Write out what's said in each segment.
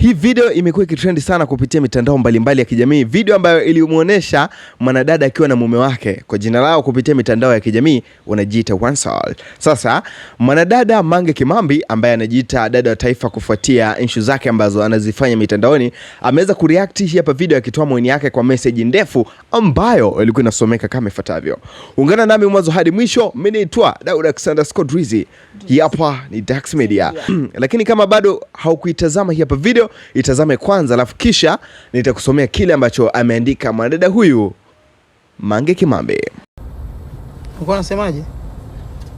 Hii video imekuwa ikitrendi sana kupitia mitandao mbalimbali mbali ya kijamii, video ambayo ilimuonesha mwanadada akiwa na mume wake. Kwa jina lao kupitia mitandao ya kijamii wanajiita Wansol. Sasa mwanadada Mange Kimambi ambaye anajiita dada wa taifa kufuatia issue zake ambazo anazifanya mitandaoni, ameweza kureact hii hapa video akitoa maoni yake kwa message ndefu ambayo ilikuwa inasomeka kama ifuatavyo. Ungana nami mwanzo hadi mwisho. Mimi naitwa Daud Alexander Scott Rizzi. Hii hapa ni Dax Media. Lakini kama bado haukuitazama hii hapa video itazame kwanza, alafu kisha nitakusomea kile ambacho ameandika mwanadada huyu Mange Kimambe. Uko unasemaje?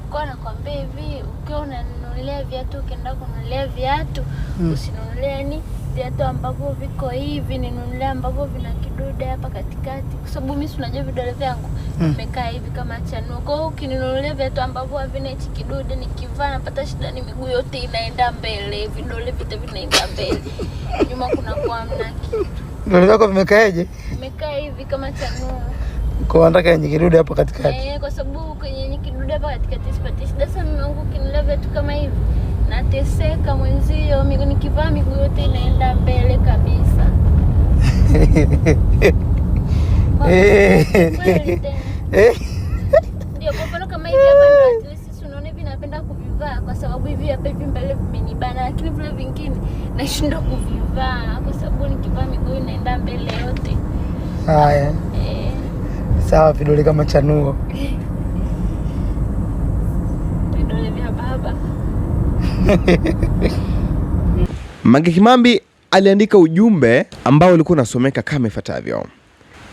Uko nakwambia hivi, ukiwa unanunulia viatu, ukienda kununulia viatu, mm. usinunulie ni viatu ambavyo viko hivi, ninunulia ambavyo vina kidude hapa katikati, kwa sababu mimi unajua vidole vyangu hmm. vimekaa hmm. hivi kama chanuo. Kwa hiyo ukininunulia viatu ambavyo havina hichi kidude, nikivaa napata shida, ni miguu yote inaenda mbele, vidole vyote vinaenda mbele, nyuma kuna kwa kitu. Vidole vyako vimekaaje? Vimekaa hivi kama chanuo kwa nataka yenye kidude hapa katikati. Eh, kwa sababu kwenye kidude hapa katikati sipati shida. Sasa mimi wangu kinilewa kama hivi nateseka mwenzio, nikivaa miguu yote inaenda mbele kabisa. Ndio kwa mfano kama hivi hapa ndio sisi unaona hivi napenda kuvivaa kwa sababu hivi hapa hivi mbele vimenibana, lakini vile vingine nashindwa kuvivaa kwa sababu nikivaa miguu inaenda mbele yote. Haya. Eh. Sawa, vidole kama chanuo Mange Kimambi aliandika ujumbe ambao ulikuwa unasomeka kama ifuatavyo: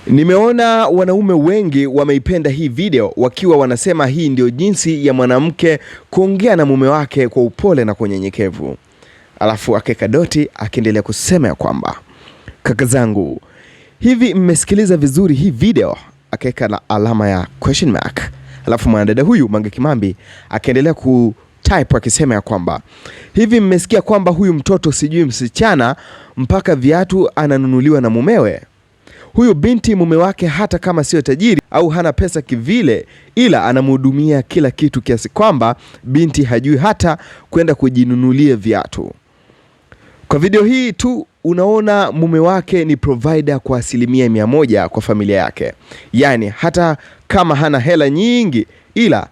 Nimeona wanaume wengi wameipenda hii video wakiwa wanasema hii ndio jinsi ya mwanamke kuongea na mume wake kwa upole na kwa unyenyekevu. Alafu akeka doti akiendelea kusema ya kwamba kaka zangu, hivi mmesikiliza vizuri hii video? Akaweka la alama ya question mark. Alafu mwanadada huyu Mange Kimambi akaendelea ku Type akisema ya kwamba hivi, mmesikia kwamba huyu mtoto sijui msichana mpaka viatu ananunuliwa na mumewe. Huyu binti mume wake hata kama siyo tajiri au hana pesa kivile, ila anamhudumia kila kitu, kiasi kwamba binti hajui hata kwenda kujinunulia viatu. Kwa video hii tu unaona mume wake ni provider kwa asilimia mia moja kwa familia yake, yaani hata kama hana hela nyingi, ila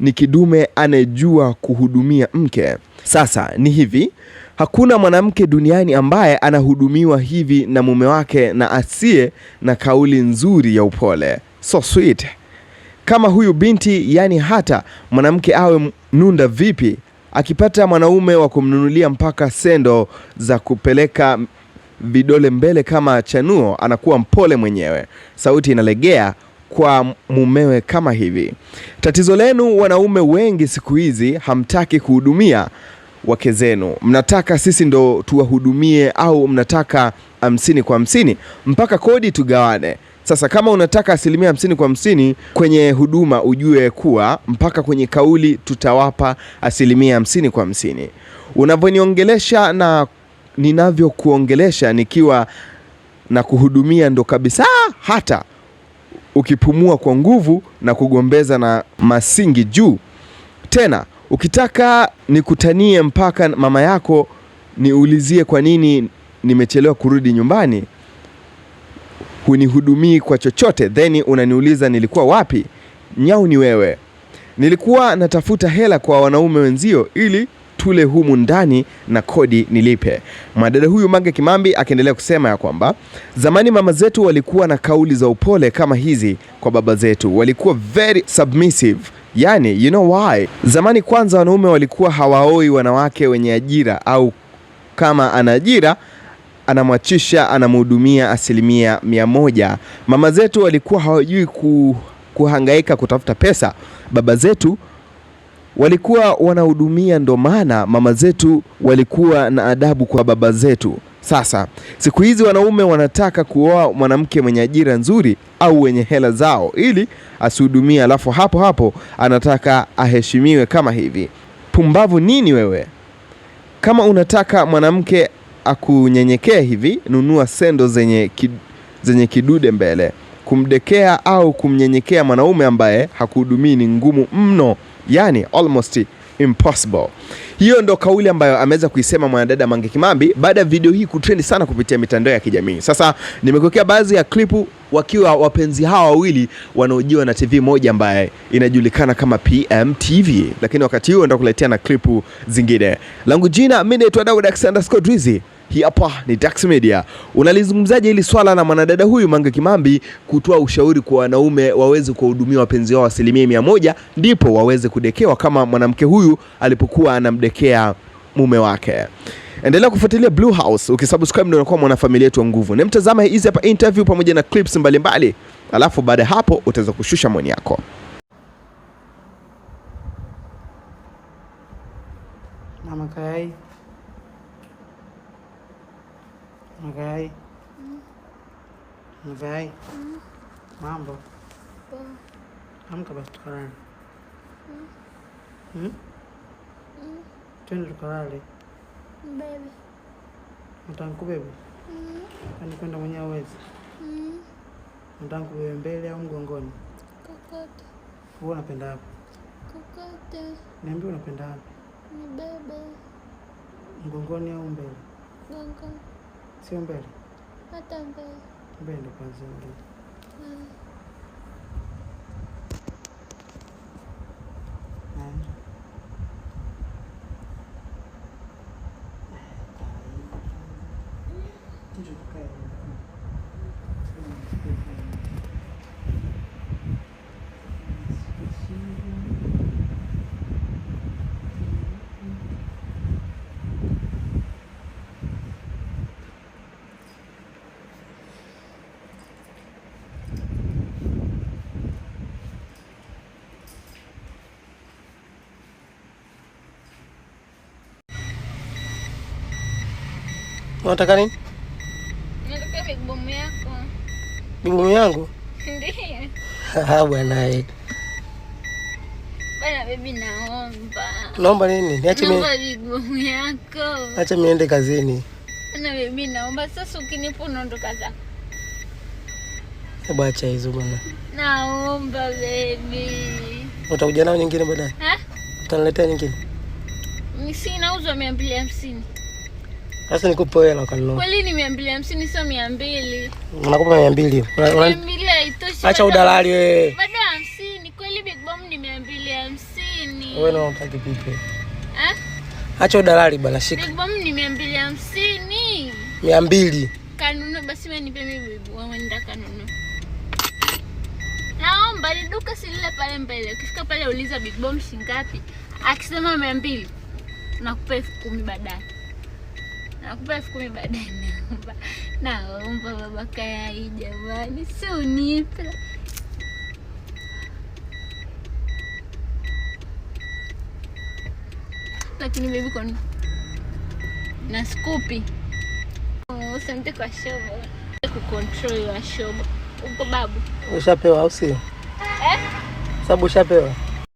ni kidume anayejua kuhudumia mke. Sasa ni hivi, hakuna mwanamke duniani ambaye anahudumiwa hivi na mume wake na asiye na kauli nzuri ya upole. So sweet kama huyu binti, yani hata mwanamke awe nunda vipi, akipata mwanaume wa kumnunulia mpaka sendo za kupeleka vidole mbele kama chanuo, anakuwa mpole mwenyewe, sauti inalegea kwa mumewe kama hivi. Tatizo lenu wanaume wengi siku hizi hamtaki kuhudumia wake zenu, mnataka sisi ndo tuwahudumie, au mnataka hamsini kwa hamsini mpaka kodi tugawane. Sasa kama unataka asilimia hamsini kwa hamsini kwenye huduma, ujue kuwa mpaka kwenye kauli tutawapa asilimia hamsini kwa hamsini. Unavyoniongelesha na ninavyokuongelesha nikiwa na kuhudumia ndo kabisa hata ukipumua kwa nguvu na kugombeza na masingi juu. Tena ukitaka nikutanie mpaka mama yako niulizie kwa nini nimechelewa kurudi nyumbani, hunihudumii kwa chochote, then unaniuliza nilikuwa wapi? Nyau ni wewe. Nilikuwa natafuta hela kwa wanaume wenzio ili tule humu ndani na kodi nilipe. Mwanadada huyu Mange Kimambi akiendelea kusema ya kwamba zamani mama zetu walikuwa na kauli za upole kama hizi kwa baba zetu, walikuwa very submissive. Yani, you know why? Zamani kwanza wanaume walikuwa hawaoi wanawake wenye ajira au kama ana ajira anamwachisha anamhudumia asilimia mia moja. Mama zetu walikuwa hawajui ku, kuhangaika kutafuta pesa. Baba zetu walikuwa wanahudumia, ndo maana mama zetu walikuwa na adabu kwa baba zetu. Sasa siku hizi wanaume wanataka kuoa mwanamke mwenye ajira nzuri au wenye hela zao ili asihudumie, alafu hapo hapo anataka aheshimiwe kama hivi. Pumbavu nini wewe! Kama unataka mwanamke akunyenyekee hivi, nunua sendo zenye, kid, zenye kidude mbele. Kumdekea au kumnyenyekea mwanaume ambaye hakuhudumii ni ngumu mno yani almost impossible. Hiyo ndo kauli ambayo ameweza kuisema mwanadada Mange Kimambi baada ya video hii kutrend sana kupitia mitandao ya kijamii. Sasa nimekuwekea baadhi ya klipu wakiwa wapenzi hawa wawili wanaojiwa na TV moja ambaye inajulikana kama PMTV, lakini wakati huo ndo kuletea na klipu zingine. Langu jina mimi naitwa Daud Alexander Scott Rizzi. Hii hapa ni Dax Media. Unalizungumzaje hili swala la mwanadada huyu Mange Kimambi kutoa ushauri kwa wanaume waweze kuwahudumia wapenzi wao asilimia mia moja ndipo waweze kudekewa kama mwanamke huyu alipokuwa anamdekea mume wake? Endelea kufuatilia Blue House, ukisubscribe ndio unakuwa mwanafamilia yetu wa nguvu. nimtazama hizi hapa interview pamoja na clips mbalimbali mbali. Alafu baada ya hapo utaweza kushusha maoni yako. Mama Kai Mgai. Mm. Mgai. Mm. Mambo. Poa. Amka basi tukarani. Mm. Mm? Mm. tukalale. Bebe. Utankubebe? Mm. Kwani kwenda mwenyewe uwezi? Mm. Mm-hmm. Utankubebe mbele au mgongoni? Kokote. Wewe unapenda wapi? Kokote. Niambie unapenda wapi? Ni bebe. Mgongoni au mbele? Mgongoni. É Eu também. Matang bel. Bel lepas ah. siang bel. Unataka nini? Nataka big yako. Big yangu? Ndiyo. Ah, bwana eh. Bwana bibi, naomba. Naomba nini? Niache mimi. Naomba big yako. Acha mimi niende kazini. Bwana bibi, naomba sasa ukinipa unaondoka zako. Hebu acha hizo bwana. Naomba baby. Utakuja nao nyingine baadaye? Eh? Utaniletea nyingine? Sina, nauzwa mia mbili sasa nikupe wewe na kanunua. Kweli ni 250 sio 200. Unakupa 200. Unaniambia haitoshi. Acha udalali wewe. Bado 50. Kweli Big Bomb ni 250. Wewe na unataka pipi? Eh? Acha udalali bana shika. Big Bomb ni 250. 200. Kanunua basi wewe nipe mimi Big Bomb nenda kanunua. Naomba ni duka si pale mbele. Ukifika pale uliza Big Bomb shingapi. Akisema 200. Nakupa 10,000 baadaye nakupa elfu kumi baadaye naomba naomba baba Kayai jamani, si unipe lakini baby kwa na skupi usimte oh, kwa shobo kucontrol wa shobo uko babu, ushapewa au sio? Eh, sababu ushapewa